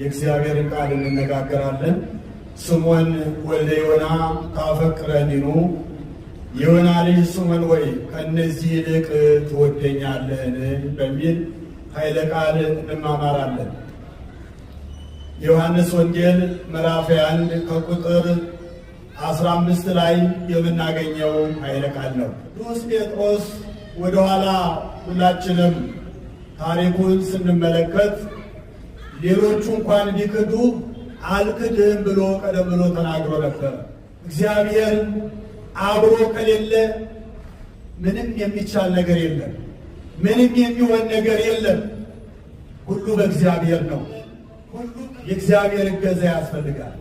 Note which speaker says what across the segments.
Speaker 1: የእግዚአብሔርን ቃል እንነጋገራለን። ስሙን ወልደ ዮና ታፈቅረኒኑ፣ የዮና ልጅ ስሙን ወይ ከእነዚህ ይልቅ ትወደኛለህን? በሚል ኃይለ ቃል እንማማራለን። የዮሐንስ ወንጌል ምዕራፍ 1 ከቁጥር 15 ላይ የምናገኘው ኃይለ ቃል ነው። ቅዱስ ጴጥሮስ ወደኋላ ሁላችንም ታሪኩን ስንመለከት ሌሎቹ እንኳን ቢክዱ አልክድህም ብሎ ቀደም ብሎ ተናግሮ ነበር። እግዚአብሔር አብሮ ከሌለ ምንም የሚቻል ነገር የለም። ምንም የሚሆን ነገር የለም። ሁሉ በእግዚአብሔር ነው። ሁሉ የእግዚአብሔር እገዛ ያስፈልጋል።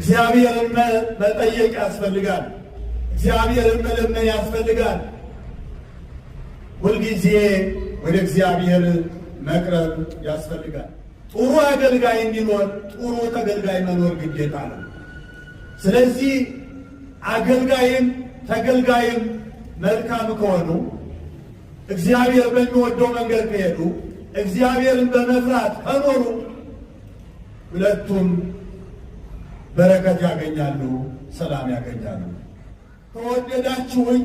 Speaker 1: እግዚአብሔርን መጠየቅ ያስፈልጋል። እግዚአብሔርን መለመን ያስፈልጋል። ሁልጊዜ ወደ እግዚአብሔር መቅረብ ያስፈልጋል። ጥሩ አገልጋይ እንዲኖር ጥሩ ተገልጋይ መኖር ግዴታ ነው። ስለዚህ አገልጋይም ተገልጋይም መልካም ከሆኑ እግዚአብሔር በሚወደው መንገድ ከሄዱ እግዚአብሔርን በመፍራት ከኖሩ ሁለቱም በረከት ያገኛሉ፣ ሰላም ያገኛሉ። ከወደዳችሁኝ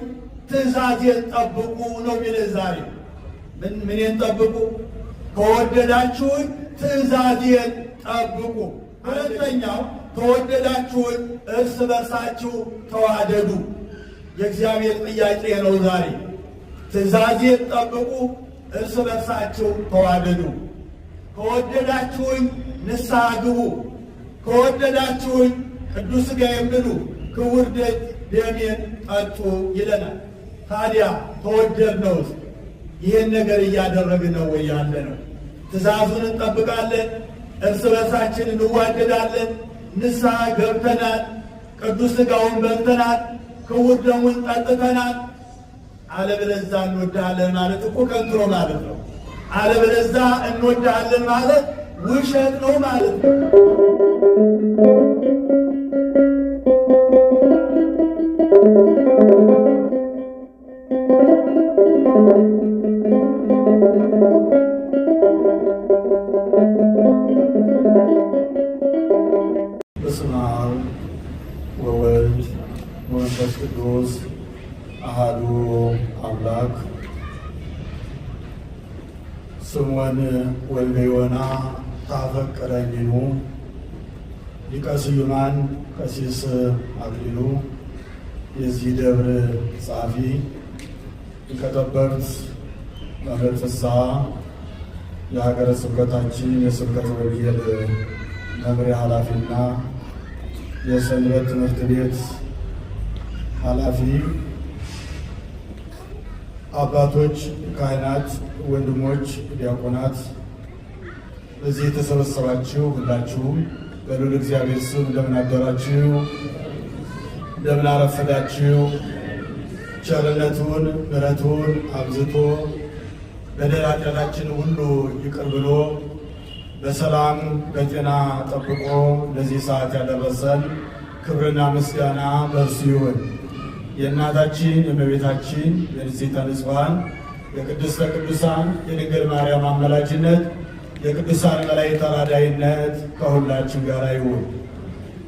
Speaker 1: ትእዛዜን ጠብቁ ነው የሚል ዛሬ ምን ምንን ጠብቁ ከወደዳችሁን ትእዛዜን ጠብቁ። ሁለተኛው ከወደዳችሁን እርስ በርሳችሁ ተዋደዱ። የእግዚአብሔር ጥያቄ ነው ዛሬ። ትእዛዜን ጠብቁ፣ እርስ በርሳችሁ ተዋደዱ። ከወደዳችሁኝ ንስሐ ግቡ፣ ከወደዳችሁኝ ቅዱስ ሥጋዬን ብሉ፣ ክቡር ደሜን ጠጡ ይለናል። ታዲያ ከወደድነውስ ይህን ነገር እያደረግነው! ነው ወይ ያለ ነው? ትእዛዙን እንጠብቃለን፣ እርስ በርሳችን እንዋደዳለን። ንስሐ ገብተናል፣ ቅዱስ ሥጋውን በልተናል፣ ክቡር ደሙን ጠጥተናል። አለበለዛ እንወዳለን ማለት እኮ ከንትሮ ማለት ነው። አለበለዛ እንወዳለን ማለት ውሸት ነው ማለት ነው።
Speaker 2: ቅዱስ አሃዱ አምላክ ስሙን ወልደ ዮና ታፈቅረኝኑ ሊቀ ስዩማን ቀሲስ አክሊሉ የዚህ ደብር ጸሐፊ፣ ሊቀ ጠበብት መምህር ፍስሐ የሀገረ ስብከታችን የስብከተ ወንጌል መምሪያ ኃላፊና የሰንበት ትምህርት ቤት ኃላፊ አባቶች፣ ካህናት፣ ወንድሞች፣ ዲያቆናት በዚህ የተሰበሰባችሁ ሁላችሁም በሉል እግዚአብሔር ስም እንደምን አደራችሁ? እንደምን አረፈዳችሁ? ቸርነቱን ምሕረቱን አብዝቶ በደላደላችን ሁሉ ይቅር ብሎ በሰላም በጤና ጠብቆ ለዚህ ሰዓት ያደረሰን ክብርና ምስጋና በእርሱ ይሁን። የእናታችን የእመቤታችን የንጽሕተ ንጹሐን የቅድስተ ቅዱሳን የድንግል ማርያም አማላጅነት የቅዱሳን መላእክት ተራዳይነት ከሁላችን ጋር ይሁን።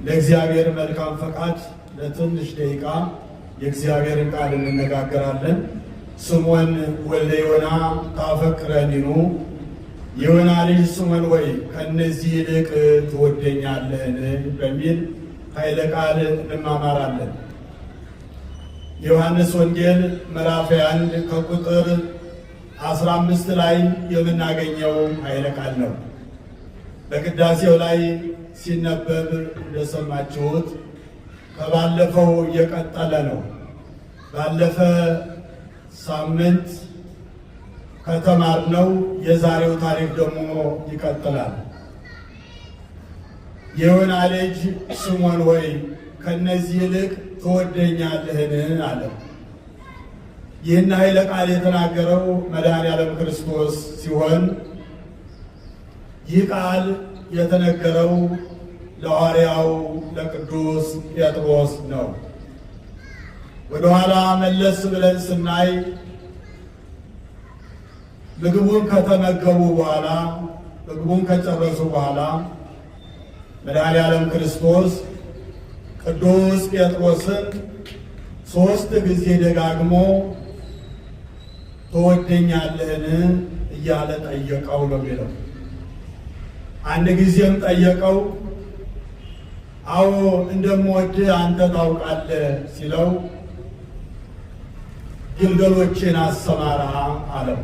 Speaker 2: ለእግዚአብሔር መልካም ፈቃድ ለትንሽ ደቂቃ የእግዚአብሔርን ቃል እንነጋገራለን። ስሙን ወልደ ዮና ታፈቅረኒኑ፣ የዮና ልጅ ስሙን ወይ ከእነዚህ ይልቅ ትወደኛለህን? በሚል ኃይለ ቃል እንማማራለን። የዮሐንስ ወንጌል ምዕራፍ 1 ከቁጥር 15 ላይ የምናገኘው ኃይለ ቃል ነው። በቅዳሴው ላይ ሲነበብ እንደሰማችሁት ከባለፈው እየቀጠለ ነው። ባለፈ ሳምንት ከተማርነው የዛሬው ታሪክ ደግሞ ይቀጥላል። የዮና ልጅ ስምዖን ሆይ ከነዚህ ይልቅ ትወደኛለህን አለ ይህን ኃይለ ቃል የተናገረው መድኃኔዓለም ክርስቶስ ሲሆን ይህ ቃል የተነገረው ለሐዋርያው ለቅዱስ ጴጥሮስ ነው። ወደኋላ መለስ ብለን ስናይ ምግቡን ከተመገቡ በኋላ ምግቡን ከጨረሱ በኋላ መድኃኔዓለም ክርስቶስ ቅዱስ ጴጥሮስን ሦስት ጊዜ ደጋግሞ ትወደኛለህን እያለ ጠየቀው ነው የሚለው። አንድ ጊዜም ጠየቀው፣ አዎ እንደምወድህ አንተ ታውቃለህ ሲለው ግልገሎችን አሰማራ አለው።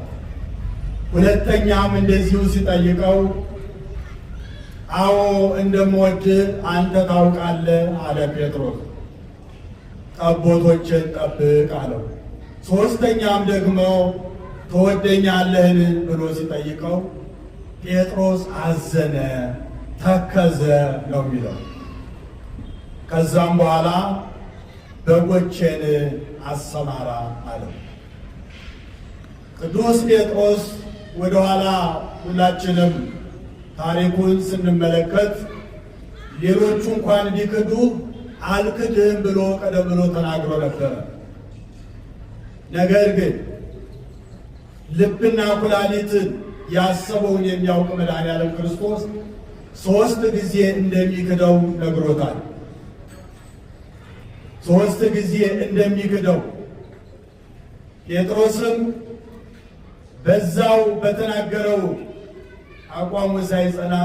Speaker 2: ሁለተኛም እንደዚሁ ሲጠይቀው አዎ እንደምወድ አንተ ታውቃለህ አለ ጴጥሮስ። ጠቦቶችን ጠብቅ አለው። ሦስተኛም ደግሞ ትወደኛለህን ብሎ ሲጠይቀው ጴጥሮስ አዘነ፣ ተከዘ ነው የሚለው። ከዛም በኋላ በጎቼን አሰማራ አለው። ቅዱስ ጴጥሮስ ወደኋላ ሁላችንም ታሪኩን ስንመለከት ሌሎቹ እንኳን ቢክዱ አልክድህም ብሎ ቀደም ብሎ ተናግሮ ነበረ። ነገር ግን ልብና ኩላሊትን ያሰበውን የሚያውቅ መድኃኔዓለም ክርስቶስ ሶስት ጊዜ እንደሚክደው ነግሮታል። ሶስት ጊዜ እንደሚክደው ጴጥሮስም በዛው በተናገረው አቋሙ ሳይጸና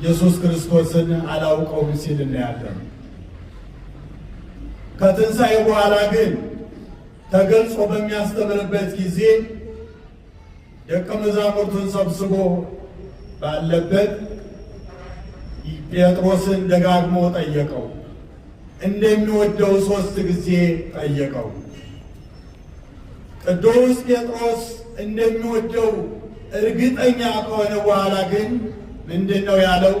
Speaker 2: ኢየሱስ ክርስቶስን አላውቀውም ሲል እናያለን። ከትንሣኤ በኋላ ግን ተገልጾ በሚያስተምርበት ጊዜ ደቀ መዛሙርቱን ሰብስቦ ባለበት ጴጥሮስን ደጋግሞ ጠየቀው። እንደሚወደው ሦስት ጊዜ ጠየቀው። ቅዱስ ጴጥሮስ እንደሚወደው እርግጠኛ ከሆነ በኋላ ግን ምንድን ነው ያለው?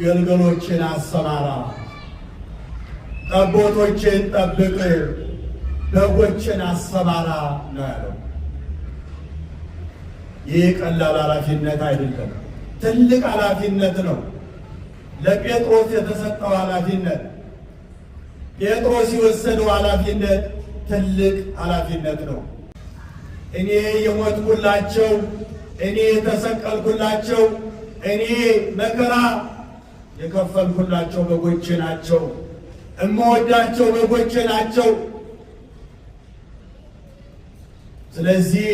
Speaker 2: ገልገሎችን አሰማራ፣ ጠቦቶችን ጠብቅ፣ በጎችን አሰማራ ነው ያለው። ይህ ቀላል ኃላፊነት አይደለም፣ ትልቅ ኃላፊነት ነው። ለጴጥሮስ የተሰጠው ኃላፊነት፣ ጴጥሮስ የወሰደው ኃላፊነት ትልቅ ኃላፊነት ነው። እኔ የሞትኩላቸው፣ እኔ የተሰቀልኩላቸው፣ እኔ መከራ የከፈልኩላቸው በጎቼ ናቸው። እመወዳቸው በጎቼ ናቸው። ስለዚህ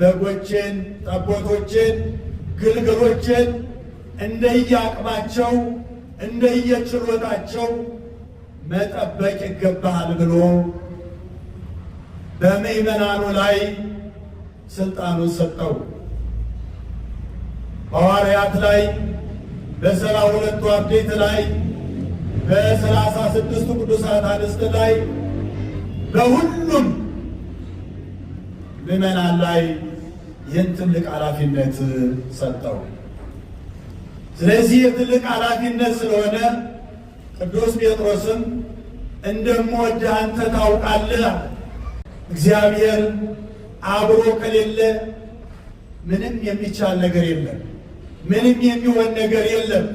Speaker 2: በጎችን፣ ጠቦቶችን፣ ግልግሎችን እንደየአቅማቸው እንደየችሎታቸው መጠበቅ ይገባሃል ብሎ በምእመናኑ ላይ ስልጣኑን ሰጠው። በሐዋርያት ላይ በሰላ ሁለቱ አብዴት ላይ በሰላሳ ስድስቱ ቅዱሳት አንስት ላይ በሁሉም ምዕመናን ላይ ይህን ትልቅ ኃላፊነት ሰጠው። ስለዚህ የትልቅ ኃላፊነት ስለሆነ ቅዱስ ጴጥሮስም እንደምወድህ አንተ ታውቃለህ። እግዚአብሔር አብሮ ከሌለ ምንም የሚቻል ነገር የለም። ምንም የሚሆን ነገር የለም።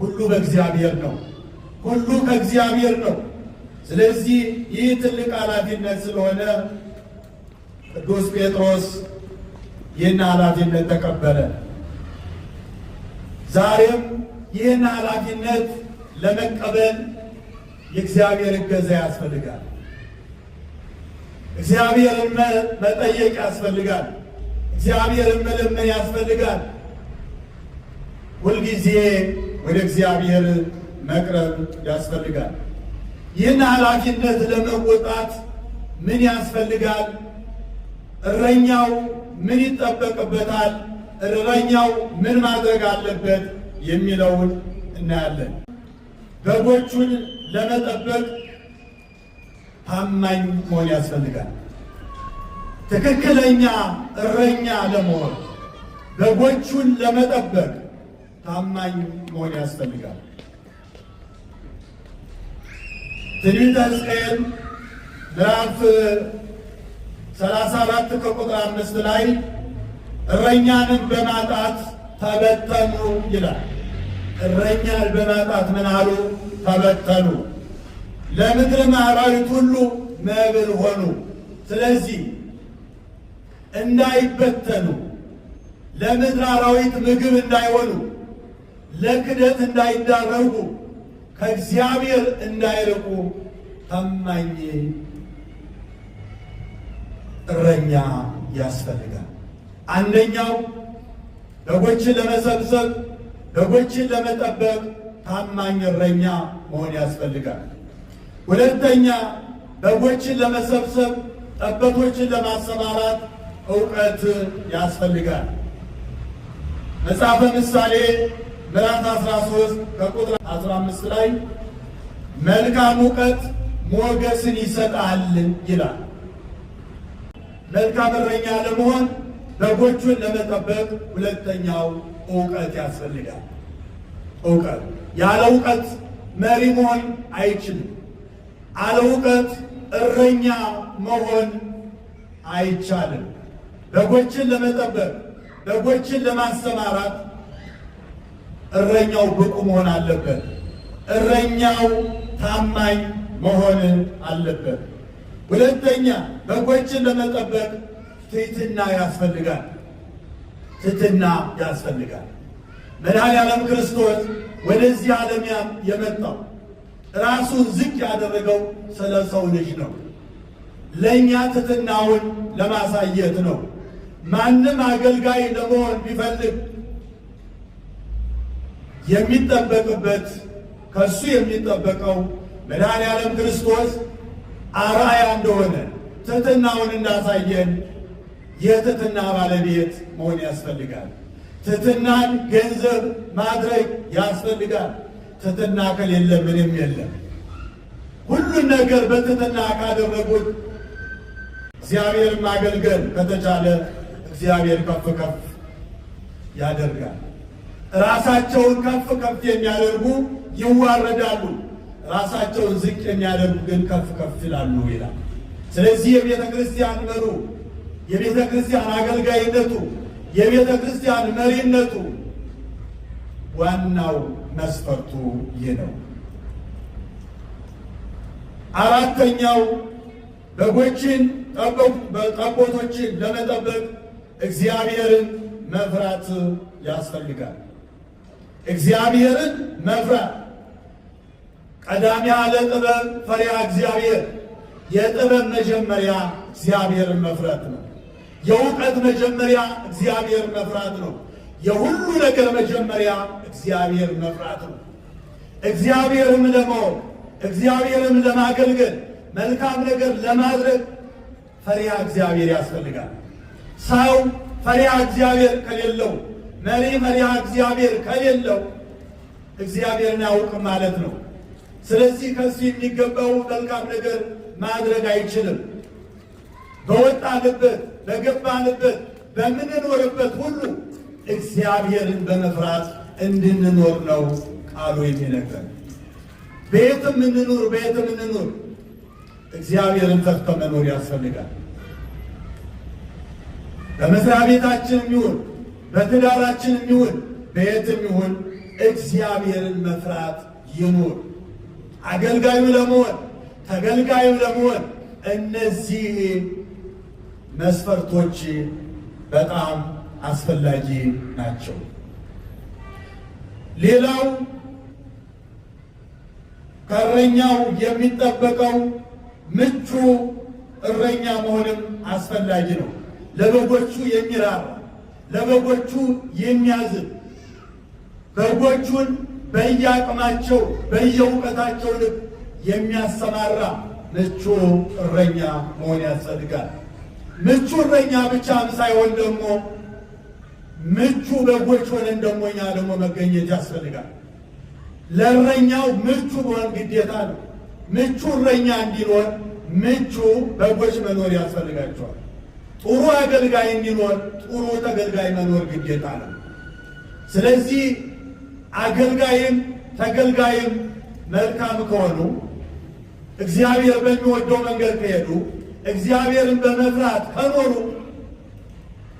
Speaker 2: ሁሉ በእግዚአብሔር ነው። ሁሉ ከእግዚአብሔር ነው። ስለዚህ ይህ ትልቅ ኃላፊነት ስለሆነ ቅዱስ ጴጥሮስ ይህን ኃላፊነት ተቀበለ። ዛሬም ይህን ኃላፊነት ለመቀበል የእግዚአብሔር እገዛ ያስፈልጋል። እግዚአብሔርን መጠየቅ ያስፈልጋል። እግዚአብሔርን መለመን ያስፈልጋል። ሁልጊዜ ወደ እግዚአብሔር መቅረብ ያስፈልጋል። ይህን ኃላፊነት ለመወጣት ምን ያስፈልጋል? እረኛው ምን ይጠበቅበታል? እረኛው ምን ማድረግ አለበት? የሚለውን እናያለን። በጎቹን ለመጠበቅ ታማኝ መሆን ያስፈልጋል። ትክክለኛ እረኛ ለመሆን በጎቹን ለመጠበቅ ታማኝ መሆን ያስፈልጋል። ትንቢተ ሕዝቅኤል ምዕራፍ 34 ከቁጥር አምስት ላይ እረኛንን በማጣት ተበተኑ ይላል። እረኛን በማጣት ምን አሉ? ተበተኑ። ለምድር አራዊት ሁሉ መብል ሆኑ። ስለዚህ እንዳይበተኑ ለምድር አራዊት ምግብ እንዳይሆኑ ለክደት እንዳይዳረጉ ከእግዚአብሔር እንዳይርቁ ታማኝ እረኛ ያስፈልጋል። አንደኛው በጎችን ለመሰብሰብ በጎችን ለመጠበቅ ታማኝ እረኛ መሆን ያስፈልጋል። ሁለተኛ በጎችን ለመሰብሰብ ጠበቶችን ለማሰማራት እውቀት ያስፈልጋል። መጽሐፈ ምሳሌ ምዕራፍ 13 ከቁጥር 15 ላይ መልካም እውቀት ሞገስን ይሰጣል ይላል። መልካም እረኛ ለመሆን በጎቹን ለመጠበቅ ሁለተኛው እውቀት ያስፈልጋል። እውቀት ያለ እውቀት መሪ መሆን አይችልም። አለ እረኛ መሆን አይቻልም። በጎችን ለመጠበቅ በጎችን ለማሰማራት እረኛው ብቁ መሆን አለበት። እረኛው ታማኝ መሆን አለበት። ሁለተኛ በጎችን ለመጠበቅ ትሕትና ያስፈልጋል። ትሕትና ያስፈልጋል። መድኃኔ ዓለም ክርስቶስ ወደዚህ ዓለም የመጣው ራሱን ዝቅ ያደረገው ስለ ሰው ልጅ ነው። ለእኛ ትትናውን ለማሳየት ነው። ማንም አገልጋይ ለመሆን ቢፈልግ የሚጠበቅበት ከሱ የሚጠበቀው መድኃኔዓለም ክርስቶስ አርአያ እንደሆነ ትትናውን እንዳሳየን የትትና ባለቤት መሆን ያስፈልጋል። ትትናን ገንዘብ ማድረግ ያስፈልጋል። ትትና ከሌለ ምንም የለም። ሁሉን ነገር በትትና ካደረጉት እግዚአብሔር ማገልገል ከተቻለ እግዚአብሔር ከፍ ከፍ ያደርጋል። ራሳቸውን ከፍ ከፍ የሚያደርጉ ይዋረዳሉ፣ ራሳቸውን ዝቅ የሚያደርጉ ግን ከፍ ከፍ ይላሉ ይላል። ስለዚህ የቤተ ክርስቲያን መሩ የቤተ ክርስቲያን አገልጋይነቱ የቤተ ክርስቲያን መሪነቱ ዋናው መስፈርቱ ይህ ነው። አራተኛው በጎችን ጠቦቶችን ለመጠበቅ እግዚአብሔርን መፍራት ያስፈልጋል። እግዚአብሔርን መፍራት ቀዳሚያ ለጥበብ ፈሪያ እግዚአብሔር፣ የጥበብ መጀመሪያ እግዚአብሔርን መፍራት ነው። የእውቀት መጀመሪያ እግዚአብሔር መፍራት ነው። የሁሉ ነገር መጀመሪያ እግዚአብሔር መፍራት ነው። እግዚአብሔርም ለመሆን እግዚአብሔርም ለማገልገል መልካም ነገር ለማድረግ ፈሪሃ እግዚአብሔር ያስፈልጋል። ሰው ፈሪሃ እግዚአብሔር ከሌለው፣ መሪ ፈሪሃ እግዚአብሔር ከሌለው እግዚአብሔርን አያውቅም ማለት ነው። ስለዚህ ከሱ የሚገባው መልካም ነገር ማድረግ አይችልም። በወጣንበት፣ በገባንበት፣ በምንኖርበት ሁሉ እግዚአብሔርን በመፍራት እንድንኖር ነው ቃሉ የሚነገር። ቤትም እንኑር፣ ቤትም እንኑር እግዚአብሔርን ፈርቶ መኖር ያስፈልጋል። በመስሪያ ቤታችን ይሁን፣ በትዳራችን ይሁን፣ በየትም ይሁን እግዚአብሔርን መፍራት ይኑር። አገልጋዩ ለመሆን ተገልጋዩ ለመሆን እነዚህ መስፈርቶች በጣም አስፈላጊ ናቸው። ሌላው ከእረኛው የሚጠበቀው ምቹ እረኛ መሆንም አስፈላጊ ነው። ለበጎቹ የሚራራ ለበጎቹ የሚያዝን በጎቹን በየአቅማቸው በየእውቀታቸው ልክ የሚያሰማራ ምቹ እረኛ መሆን ያስፈልጋል። ምቹ እረኛ ብቻም ሳይሆን ደግሞ ምቹ በጎች ሆነን ደግሞ እኛ ደግሞ መገኘት ያስፈልጋል። ለእረኛው ምቹ መሆን ግዴታ ነው። ምቹ እረኛ እንዲኖር ምቹ በጎች መኖር ያስፈልጋቸዋል። ጥሩ አገልጋይ እንዲኖር ጥሩ ተገልጋይ መኖር ግዴታ ነው። ስለዚህ አገልጋይም ተገልጋይም መልካም ከሆኑ እግዚአብሔር በሚወደው መንገድ ከሄዱ እግዚአብሔርን በመፍራት ከኖሩ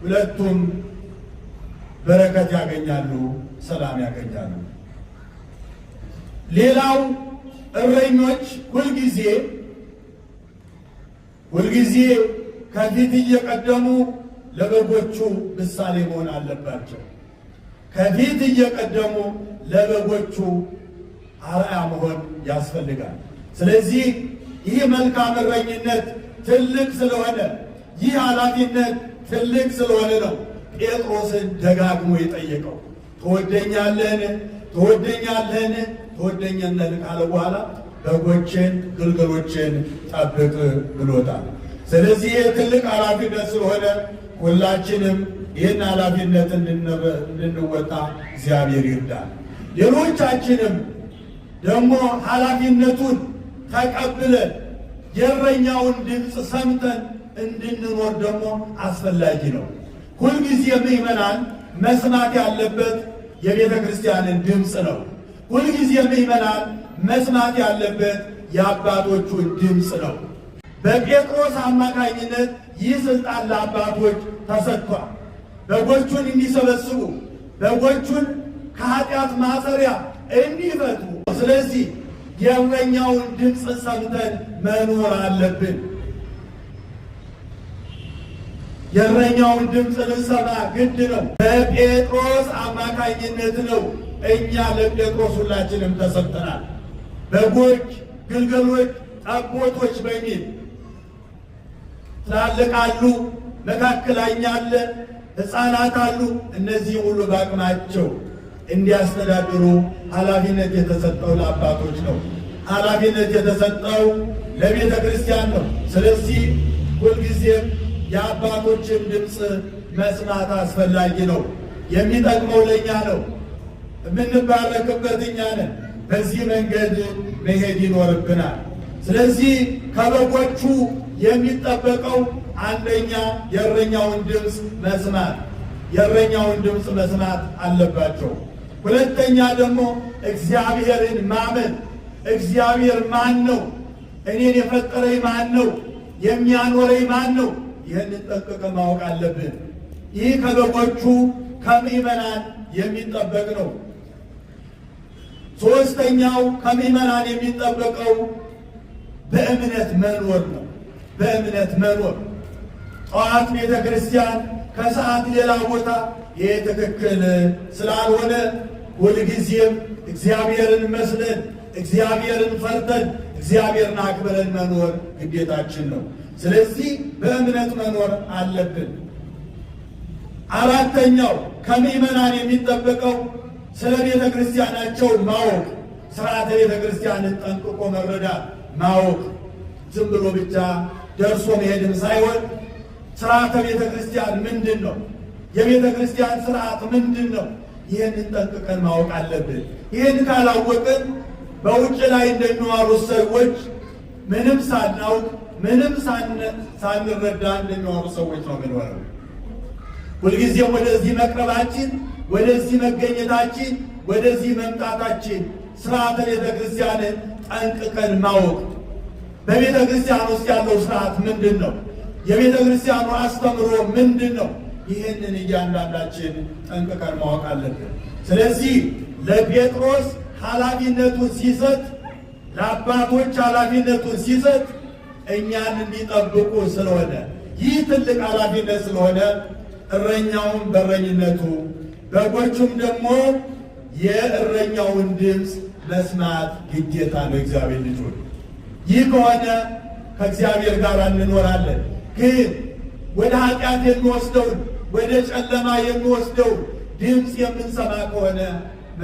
Speaker 2: ሁለቱም በረከት ያገኛሉ፣ ሰላም ያገኛሉ። ሌላው እረኞች ሁልጊዜ ሁልጊዜ ከፊት እየቀደሙ ለበጎቹ ምሳሌ መሆን አለባቸው። ከፊት እየቀደሙ ለበጎቹ አርአያ መሆን ያስፈልጋል። ስለዚህ ይህ መልካም እረኝነት ትልቅ ስለሆነ ይህ ኃላፊነት ትልቅ ስለሆነ ነው ጴጥሮስን ደጋግሞ የጠየቀው ትወደኛለህን? ትወደኛለህን? ትወደኛለህን ካለ በኋላ በጎቼን ግልገሎቼን ጠብቅ ብሎታል። ስለዚህ ይህ ትልቅ ኃላፊነት ስለሆነ ሁላችንም ይህን ኃላፊነት እንድንወጣ እግዚአብሔር ይርዳል። ሌሎቻችንም ደግሞ ኃላፊነቱን ተቀብለን የእረኛውን ድምፅ ሰምተን እንድንኖር ደግሞ አስፈላጊ ነው። ሁልጊዜ ምእመናን መስማት ያለበት የቤተ ክርስቲያንን ድምፅ ነው። ሁልጊዜ ምዕመናን መስማት ያለበት የአባቶቹን ድምፅ ነው። በጴጥሮስ አማካኝነት ይህ ስልጣን ለአባቶች ተሰጥቷል። በጎቹን እንዲሰበስቡ፣ በጎቹን ከኃጢአት ማሰሪያ እንዲፈቱ። ስለዚህ የእረኛውን ድምፅ ሰምተን መኖር አለብን። የእረኛውን ድምፅ ልንሰማ ግድ ነው። በጴጥሮስ አማካኝነት ነው እኛ ለጴጥሮስ ሁላችንም ተሰብተናል። በጎች፣ ግልገሎች፣ ጠቦቶች በሚል ትላልቅ አሉ፣ መካከለኛ አለ፣ ሕፃናት አሉ። እነዚህ ሁሉ በአቅማቸው እንዲያስተዳድሩ ኃላፊነት የተሰጠው ለአባቶች ነው። ኃላፊነት የተሰጠው ለቤተ ክርስቲያን ነው። ስለዚህ ሁልጊዜም የአባቶችን ድምፅ መስማት አስፈላጊ ነው። የሚጠቅመው ለእኛ ነው። የምንባረክበት እኛ ነን። በዚህ መንገድ መሄድ ይኖርብናል። ስለዚህ ከበጎቹ የሚጠበቀው አንደኛ የእረኛውን ድምፅ መስማት የእረኛውን ድምፅ መስማት አለባቸው። ሁለተኛ ደግሞ እግዚአብሔርን ማመን። እግዚአብሔር ማን ነው? እኔን የፈጠረኝ ማን ነው? የሚያኖረኝ ማን ነው? ይህንን ጠንቅቀ ማወቅ አለብን። ይህ ከበጎቹ ከምዕመናን የሚጠበቅ ነው። ሦስተኛው ከምዕመናን የሚጠበቀው በእምነት መኖር ነው። በእምነት መኖር ጠዋት ቤተ ክርስቲያን ከሰዓት ሌላ ቦታ ይሄ ትክክል ስላልሆነ ሁልጊዜም እግዚአብሔርን መስለን እግዚአብሔርን ፈርተን እግዚአብሔርን አክብረን መኖር ግዴታችን ነው። ስለዚህ በእምነት መኖር አለብን። አራተኛው ከምዕመናን የሚጠበቀው ስለ ቤተ ክርስቲያናቸው ማወቅ፣ ስርዓተ ቤተ ክርስቲያንን ጠንቅቆ መረዳት ማወቅ፣ ዝም ብሎ ብቻ ደርሶ መሄድም ሳይሆን ስርዓተ ቤተ ክርስቲያን ምንድን ነው? የቤተ ክርስቲያን ስርዓት ምንድን ነው? ይህንን ጠንቅቀን ማወቅ አለብን። ይህን ካላወቅን በውጭ ላይ እንደሚዋሩት ሰዎች ምንም ሳናውቅ ምንም ሳንረዳ እንደሚሆኑ ሰዎች ነው የምንሆነው። ሁልጊዜ ወደዚህ መቅረባችን፣ ወደዚህ መገኘታችን፣ ወደዚህ መምጣታችን ስርዓተ ቤተ ክርስቲያንን ጠንቅቀን ማወቅ በቤተ ክርስቲያን ውስጥ ያለው ስርዓት ምንድን ነው? የቤተ ክርስቲያኑ አስተምሮ ምንድን ነው? ይህንን እያንዳንዳችን ጠንቅቀን ማወቅ አለብን። ስለዚህ ለጴጥሮስ ኃላፊነቱን ሲሰጥ፣ ለአባቶች ኃላፊነቱን ሲሰጥ እኛን እንዲጠብቁ ስለሆነ ይህ ትልቅ ኃላፊነት ስለሆነ እረኛውን በረኝነቱ በጎቹም ደግሞ የእረኛውን ድምፅ መስማት ግዴታ ነው። እግዚአብሔር ልጆች ይህ ከሆነ ከእግዚአብሔር ጋር እንኖራለን። ግን ወደ ኃጢአት የሚወስደው ወደ ጨለማ የሚወስደው ድምፅ የምንሰማ ከሆነ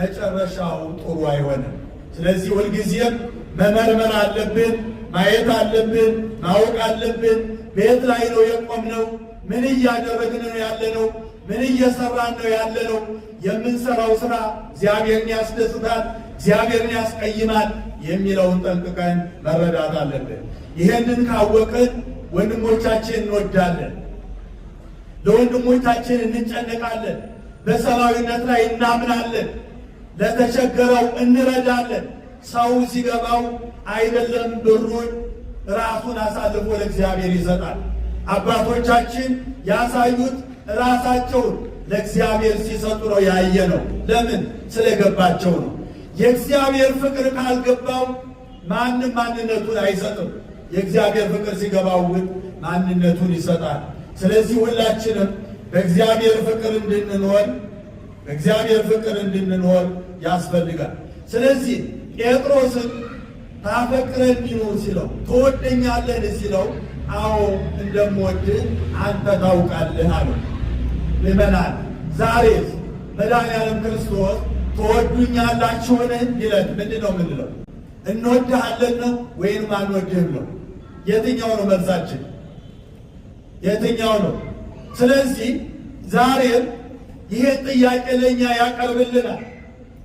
Speaker 2: መጨረሻው ጥሩ አይሆንም። ስለዚህ ሁልጊዜም መመርመር አለብን። ማየት አለብን፣ ማወቅ አለብን። ቤት ላይ ነው የቆምነው? ምን እያደረግን ነው ያለነው? ምን እየሰራን ነው ያለነው? የምንሰራው ስራ እግዚአብሔርን ያስደስታል፣ እግዚአብሔርን ያስቀይማል የሚለውን ጠንቅቀን መረዳት አለብን። ይሄንን ካወቅን ወንድሞቻችን እንወዳለን፣ ለወንድሞቻችን እንጨነቃለን፣ በሰብአዊነት ላይ እናምናለን፣ ለተቸገረው እንረዳለን። ሰው ሲገባው አይደለም ብሩን ራሱን አሳልፎ ለእግዚአብሔር ይሰጣል። አባቶቻችን ያሳዩት ራሳቸውን ለእግዚአብሔር ሲሰጡ ነው ያየ ነው። ለምን? ስለገባቸው ነው። የእግዚአብሔር ፍቅር ካልገባው ማንም ማንነቱን አይሰጥም። የእግዚአብሔር ፍቅር ሲገባው ግን ማንነቱን ይሰጣል። ስለዚህ ሁላችንም በእግዚአብሔር ፍቅር እንድንኖር በእግዚአብሔር ፍቅር እንድንኖር ያስፈልጋል። ስለዚህ ጴጥሮስም ታፈቅረኒሁ ሲለው ትወደኛለህ ሲለው አዎ እንደምወድህ አንተ ታውቃለህ አለው። ልመናል ዛሬስ መድኃኒዓለም ክርስቶስ ትወዱኛላችሁን ይለን ምንድን ነው የምንለው? እንወድሃለን ነው ወይም አንወድህም ነው? የትኛው ነው መልሳችን? የትኛው ነው? ስለዚህ ዛሬም ይሄን ጥያቄ ለእኛ ያቀርብልናል።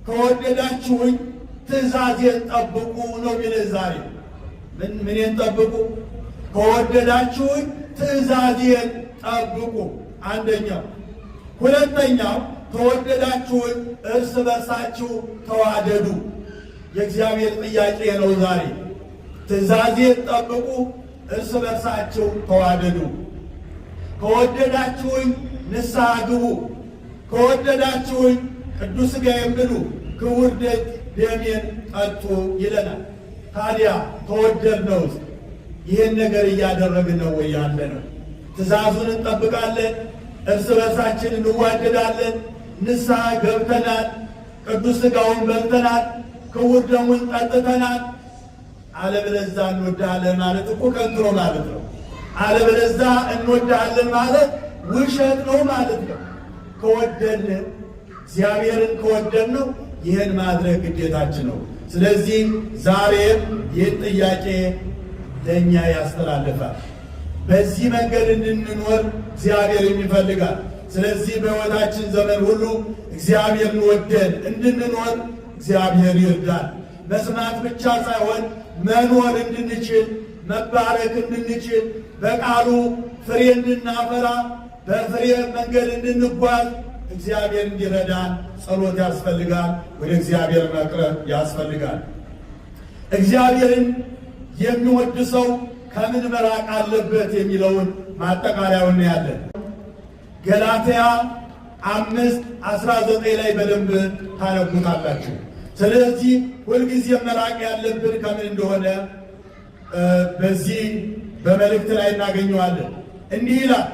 Speaker 2: ከወደዳችሁኝ ትእዛዜን ጠብቁ ነው የሚለን ዛሬ። ምንን ጠብቁ? ከወደዳችሁኝ ትእዛዜን ጠብቁ። አንደኛው። ሁለተኛው ከወደዳችሁኝ እርስ በርሳችሁ ተዋደዱ። የእግዚአብሔር ጥያቄ ነው ዛሬ። ትእዛዜን ጠብቁ፣ እርስ በርሳችሁ ተዋደዱ። ከወደዳችሁኝ ንስሐ ግቡ፣ ከወደዳችሁኝ ቅዱስ ሥጋዬን ብሉ፣ ክቡር ደግ ደሜን ጠጡ ይለናል። ታዲያ ተወደድ ነው ውስጥ ይህን ነገር እያደረግን ነው ወይ ያለ ነው? ትእዛዙን እንጠብቃለን፣ እርስ በርሳችን እንዋደዳለን፣ ንስሐ ገብተናል፣ ቅዱስ ሥጋውን በልተናል፣ ክቡር ደሙን ጠጥተናል። አለበለዛ እንወድሃለን ማለት እኮ ከንትሮ ማለት ነው። አለበለዛ እንወድሃለን ማለት ውሸት ነው ማለት ነው። ከወደድን እግዚአብሔርን ከወደድነው ይህን ማድረግ ግዴታችን ነው። ስለዚህ ዛሬም ይህን ጥያቄ ለእኛ ያስተላልፋል። በዚህ መንገድ እንድንኖር እግዚአብሔር ይፈልጋል። ስለዚህ በሕይወታችን ዘመን ሁሉ እግዚአብሔርን ወደን እንድንኖር እግዚአብሔር ይርዳል። መስማት ብቻ ሳይሆን መኖር እንድንችል መባረክ እንድንችል በቃሉ ፍሬ እንድናፈራ በፍሬ መንገድ እንድንጓዝ እግዚአብሔር እንዲረዳን ጸሎት ያስፈልጋል። ወደ እግዚአብሔር መቅረብ ያስፈልጋል። እግዚአብሔርን የሚወድ ሰው ከምን መራቅ አለበት የሚለውን ማጠቃለያው ያለን ገላትያ አምስት አስራ ዘጠኝ ላይ በደንብ ታነቡታላችሁ። ስለዚህ ሁልጊዜ መራቅ ያለብን ከምን እንደሆነ በዚህ በመልእክት ላይ እናገኘዋለን። እንዲህ ይላል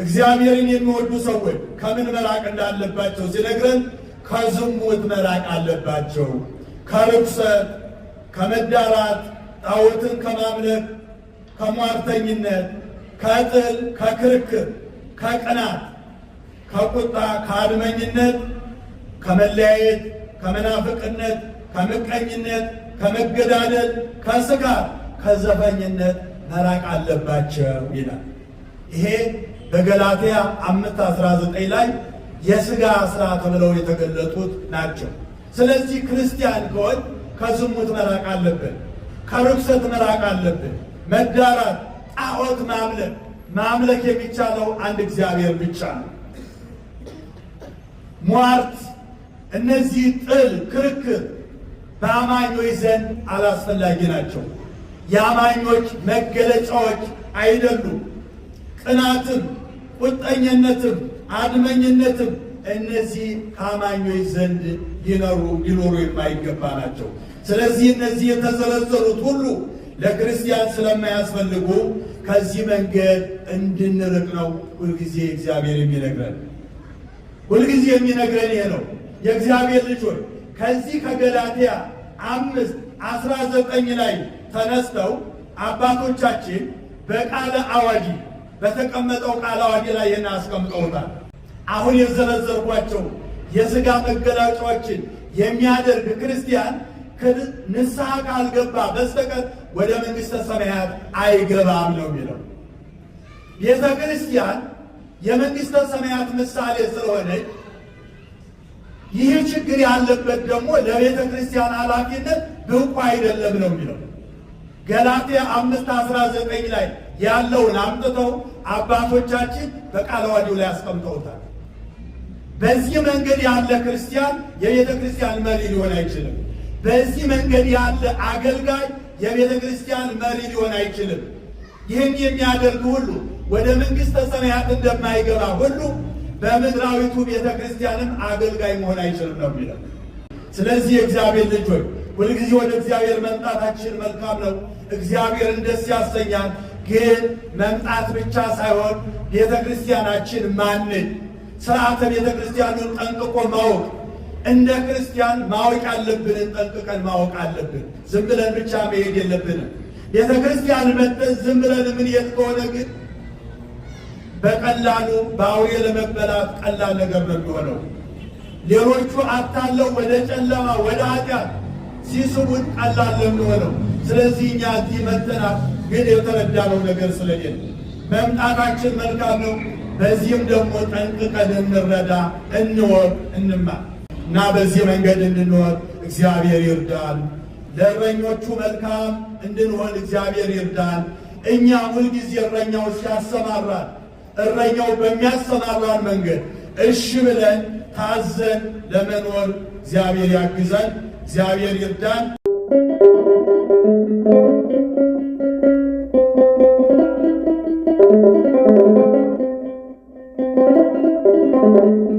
Speaker 2: እግዚአብሔርን የሚወዱ ሰዎች ከምን መራቅ እንዳለባቸው ሲነግረን ከዝሙት መራቅ አለባቸው፣ ከርኩሰት፣ ከመዳራት፣ ጣዖትን ከማምለክ፣ ከሟርተኝነት፣ ከጥል፣ ከክርክር፣ ከቅናት፣ ከቁጣ፣ ከአድመኝነት፣ ከመለያየት፣ ከመናፍቅነት፣ ከምቀኝነት፣ ከመገዳደል፣ ከስካር፣ ከዘፈኝነት መራቅ አለባቸው ይላል ይሄ በገላትያ አምስት አስራ ዘጠኝ ላይ የሥጋ ሥራ ተብለው የተገለጡት ናቸው። ስለዚህ ክርስቲያን ከሆን ከዝሙት መራቅ አለብን፣ ከርኩሰት መራቅ አለብን። መዳራት፣ ጣዖት ማምለክ ማምለክ የሚቻለው አንድ እግዚአብሔር ብቻ ነው። ሟርት፣ እነዚህ ጥል፣ ክርክር በአማኞች ዘንድ አላስፈላጊ ናቸው። የአማኞች መገለጫዎች አይደሉም። ቅናትን ቁጠኝነትም አድመኝነትም እነዚህ ከአማኞች ዘንድ ሊኖሩ ሊኖሩ የማይገባ ናቸው። ስለዚህ እነዚህ የተዘረዘሩት ሁሉ ለክርስቲያን ስለማያስፈልጉ ከዚህ መንገድ እንድንርቅ ነው ሁልጊዜ እግዚአብሔር የሚነግረን ሁልጊዜ የሚነግረን ይሄ ነው። የእግዚአብሔር ልጆች ከዚህ ከገላትያ አምስት አስራ ዘጠኝ ላይ ተነስተው አባቶቻችን በቃለ አዋጅ በተቀመጠው ቃለ ዓዋዲ ላይ ይህን አስቀምጠውታል። አሁን የዘረዘርኳቸው የሥጋ መገለጫዎችን የሚያደርግ ክርስቲያን ንስሐ ካልገባ በስተቀር ወደ መንግሥተ ሰማያት አይገባም ነው የሚለው። ቤተ ክርስቲያን የመንግሥተ ሰማያት ምሳሌ ስለሆነች ይህ ችግር ያለበት ደግሞ ለቤተ ክርስቲያን ኃላፊነት ብቁ አይደለም ነው የሚለው። ገላትያ አምስት አስራ ዘጠኝ ላይ ያለውን አምጥተው አባቶቻችን በቃለ ዓዋዲው ላይ አስቀምጠውታል። በዚህ መንገድ ያለ ክርስቲያን የቤተ ክርስቲያን መሪ ሊሆን አይችልም። በዚህ መንገድ ያለ አገልጋይ የቤተ ክርስቲያን መሪ ሊሆን አይችልም። ይህን የሚያደርግ ሁሉ ወደ መንግሥተ ሰማያት እንደማይገባ ሁሉ በምድራዊቱ ቤተ ክርስቲያንም አገልጋይ መሆን አይችልም ነው የሚለው። ስለዚህ የእግዚአብሔር ልጆች ሁልጊዜ ወደ እግዚአብሔር መምጣታችን መልካም ነው። እግዚአብሔር ደስ ያሰኛል። ግን መምጣት ብቻ ሳይሆን ቤተ ክርስቲያናችን ማንን ስርዓተ ቤተ ክርስቲያኑን ጠንቅቆ ማወቅ እንደ ክርስቲያን ማወቅ ያለብንን ጠንቅቀን ማወቅ አለብን። ዝም ብለን ብቻ መሄድ የለብንም። ቤተ ክርስቲያን መጠን ዝም ብለን የት ከሆነ ግን በቀላሉ በአውሬ ለመበላት ቀላል ነገር ነው የሚሆነው። ሌሎቹ አታለው ወደ ጨለማ ወደ ኃጢአት ሲስቡን ቀላል ለሚሆነው። ስለዚህ እኛ እዚህ መተናል ግን የተረዳነው ነገር ስለሌለ መምጣታችን መልካም ነው። በዚህም ደግሞ ጠንቅቀን እንረዳ፣ እንወቅ፣ እንማር እና በዚህ መንገድ እንድንወቅ እግዚአብሔር ይርዳል። ለእረኞቹ መልካም እንድንሆን እግዚአብሔር ይርዳል። እኛ ሁልጊዜ እረኛው ሲያሰማራል እረኛው በሚያሰማራን መንገድ እሺ ብለን ታዘን ለመኖር እግዚአብሔር ያግዘን፣ እግዚአብሔር ይርዳን። thank you